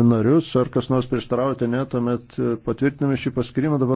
narius, ar kas nors prieštaraujate, ne, tuomet patvirtiname šį paskirimą. Dabar